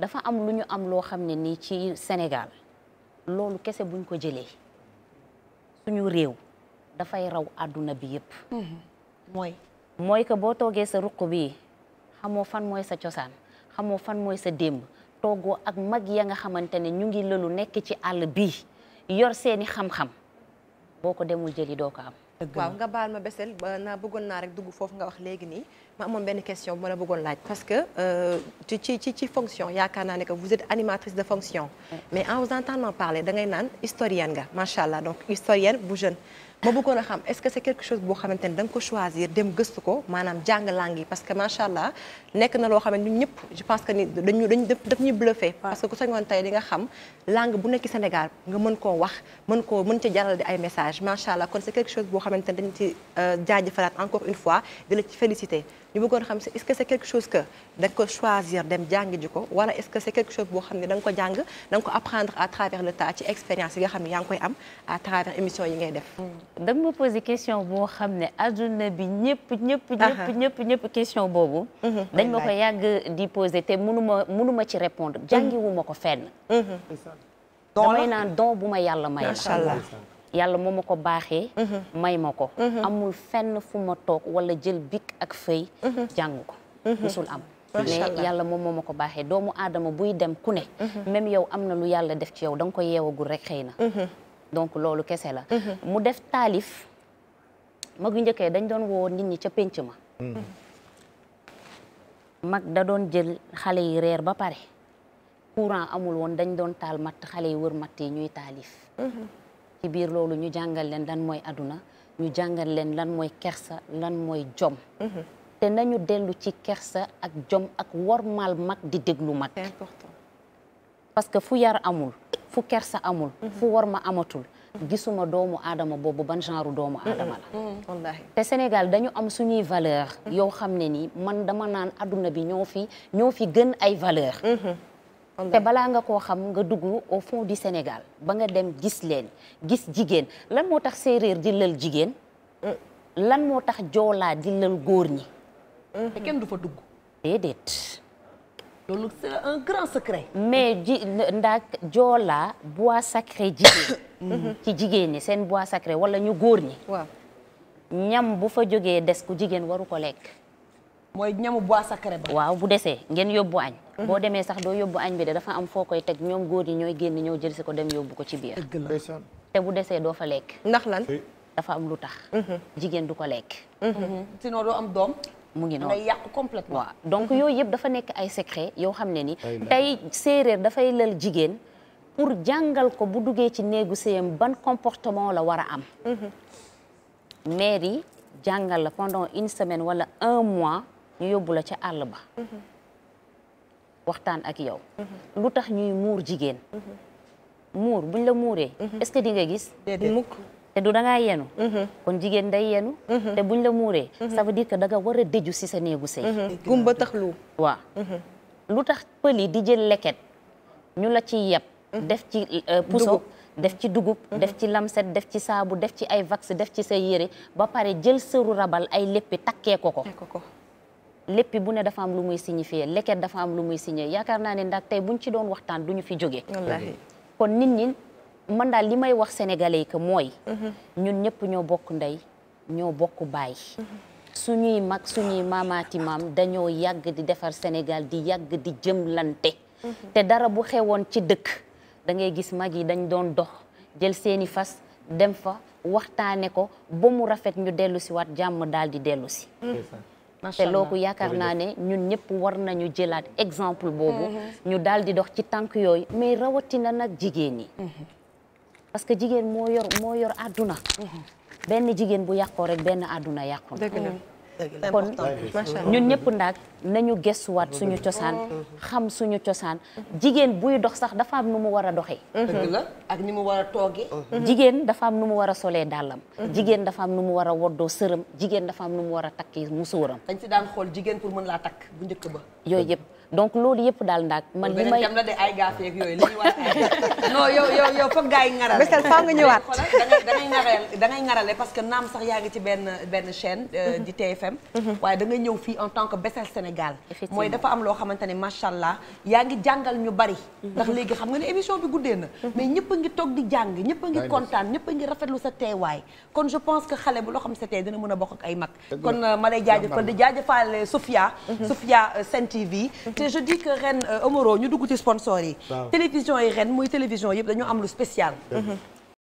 dafa am lu ñu am loo xam ne nii ci senegal loolu kese buñ ko jëlee suñu réew dafay raw àdduna bi yëpp. Mm-hmm. mooy mooy que boo toogee sa ruq bi xamoo fan mooy sa cosaan xamoo fan mooy sa démb toogoo ak mag ya nga xamante ne ñu ngi lëlu nekk ci àll bi yor seeni xam-xam boo ko demul jëli doo ko am. waaw nga baal ma besel naa bëggoon naa rek dugg foofu nga wax léegi nii. ma amoon benn question bu ma la bëggoon laaj parce que euh, ci ci fonction yaakaar naa ne que vous êtes animatrice de fonction. mais en vous entendant parler da ngay naan historienne nga macha allah donc historienne bu jeune. ma bëggoon a xam est-ce que c'est quelque chose boo xamante ne da ko choisir dem gëstu ko maanaam jàng langue yi parce que macha allah nekk na loo xam ne ñun ñëpp je pense que ni dañu dañu daf ñuy bluffé. parce que ku sañoon tey di nga xam langue bu nekk Sénégal nga mën koo wax mën koo mën ci jaral di ay message macha allah kon boo xamante ne dañu ci euh, jaajëfalaat encore fois ci féliciter. ñu bëggoon xam si est-ce que c'est quelque chose que da nga ko choisir dem jàng ji ko wala est-ce que c'est quelque chose boo xam ne da nga ko jàng da nga ko apprendre à travers le temps ci expérience yi nga xam ne yaa ngi koy am à travers émission yi ngay def. da nga ma posé question boo xam ne adduna bi ñëpp ñëpp. ñëpp ñëpp ñëpp question boobu. Mhm. dañ ma ko yàgg di posé te mënu ma mënu ma ci répondre jàngiwu mhm. ma ko fenn. Mhm. damay naan don bu ma yàlla may. macha allah yàlla moo ma ko baaxee mhm. may ma ko mhm. amul fenn fu ma toog walla jël bic ak feuille mhm. jàng ko musul am mais yàlla moom moo ma ko baaxee doomu aadama buy dem ku ne même yow am na lu yàlla def ci yow danga ko yeewagul rek xëy na donc loolu kese la mu def taalif mag yu njëkkee dañ doon woo nit ñi ca pénc ma mag da doon jël xale yi reer ba pare courant amul woon dañ doon taal matt xale yi wër matt yi ñuy taalif ci biir loolu ñu jàngal leen lan mooy aduna ñu jàngal leen lan mooy kersa lan mooy jom mm-hmm. te nañu dellu ci kersa ak jom ak wormaal mag di déglu mag c'est parce que fu yar amul fu kersa amul mm-hmm. fu worma amatul gisuma doomu aadama boobu ban genre doomu mm-hmm. aadama la te Sénégal dañu am suñuy valeur yow xam ne nii man dama naan adduna bi ñoo fi ñoo fi gën ay valeur te balaa nga koo xam nga dugg au fond du Sénégal ba nga dem gis leen gis jigéen lan moo tax séeréer di lal jigéen lan moo tax joolaa di lël góor ñi te kenn du fa dugg déedéet loolu c'est grand secret mais ji ndax joolaa bois sacré jigéen mhm. ci jigéen ñi seen bois sacré wala ñu góor ñi ñam bu fa jógee des ku jigéen waru ko lekk mooy ñamu bois sacré waaw bu desee ngeen yóbbu añ. boo demee sax doo yóbbu añ bi de dafa am foo koy teg ñoom góor yi ñooy génn ñëw jël si ko dem yóbbu ko ci biir. te bu desee doo fa lekk. ndax lan dafa am lu tax. Mhm. jigéen du ko lekk. Mhm. sinon am doom. mu ngi noonu yàq complètement donc mhm. yooyu yëpp dafa nekk ay secret yow xam ne ni. tey séeréer dafay lël jigéen. pour jàngal ko bu duggee ci néegu séyam ban comportement la war a am. mère jàngal la pendant une semaine wala un mois. ñu yóbbu la ca àll ba mhm. waxtaan ak yow mhm. lu tax ñuy muur jigéen mhm. muur buñ la muuree est que di nga gis te du da yenu kon jigéen day yenu te buñ la muuree ça veut dire que danga nga war a déju si sa néegu sëy ba tax lu waaw lu tax pël yi di jël leket ñu la ci yeb def ci euh, puso def ci dugub def ci lamset def ci saabu def ci ay vax def ci sa yére ba pare jël sëru rabal ay léppi takkee ko ko lépp bu ne dafa am lu muy signifier leket dafa am lu muy signifier yaakaar naa ne ndax bu buñ ci doon waxtaan du ñu fi jóge kon nit ñi man daal li may wax sénégalais yi que mooy mhm. ñun ñëpp ñoo bokk ndey ñoo bokk baay mhm. suñuy mag suñuy maamaati maam dañoo yàgg di defar Sénégal di yàgg di jëmlante mhm. te dara bu xewoon ci dëkk da ngay gis mag yi dañ doon dox jël seeni fas dem fa waxtaane ko ba mu rafet ñu dellu si waat jàmm daal di dellu te loolu yaakaar naa ne ñun ñëpp war nañu jëlaat exemple boobu mm-hmm. ñu daal di dox ci tànk yooyu mais rawatina nag jigéen ñi mm-hmm. parce que jigéen moo yor moo yor àdduna mm-hmm. benn jigéen bu yàqoo rek benn àdduna yàqu na kon ñun ñëpp ndaag nañu gëstuwaat suñu cosaan xam suñu cosaan jigéen buy dox sax dafa am nu mu war a doxee dëgg la mhm. ak ni mu war a toogee mhm. jigéen dafa am nu mu war a solee dàllam jigéen dafa am nu mu war a woddoo sëram jigéen dafa am nu mu war a takki musóoram dañ si daan xool jigéen pour mën laa takk bu njëkk ba yooyu yëpp donc loolu yëpp daal ndaag man li may la de ay gaaf yooyu li ñuy wax non yow yow foog ngay ngarale parce que naam sax yaa ngi ci benn benn chaîne euh, di TFM RFM waaye da nga ñëw fii en tant que Bessél Sénégal mooy dafa am loo xamante ne macha allah yaa ngi jàngal ñu bari ndax mhm. léegi xam nga ne émission bi guddee na mhm. mais ñëpp ngi toog di jàng ñëpp a ngi kontaan ñëpp a ngi rafetlu sa teewaay kon je pense que xale bu loo xam sa tey dina mën a bokk ay mag kon euh, ma lay jaajëfal di jaajëfaale Sofia mhm. Sofia euh, Sen TV te je que ren euh, Omoro ñu dugg ci sponsor yi télévision yi ren muy télévision yëpp dañoo am lu spécial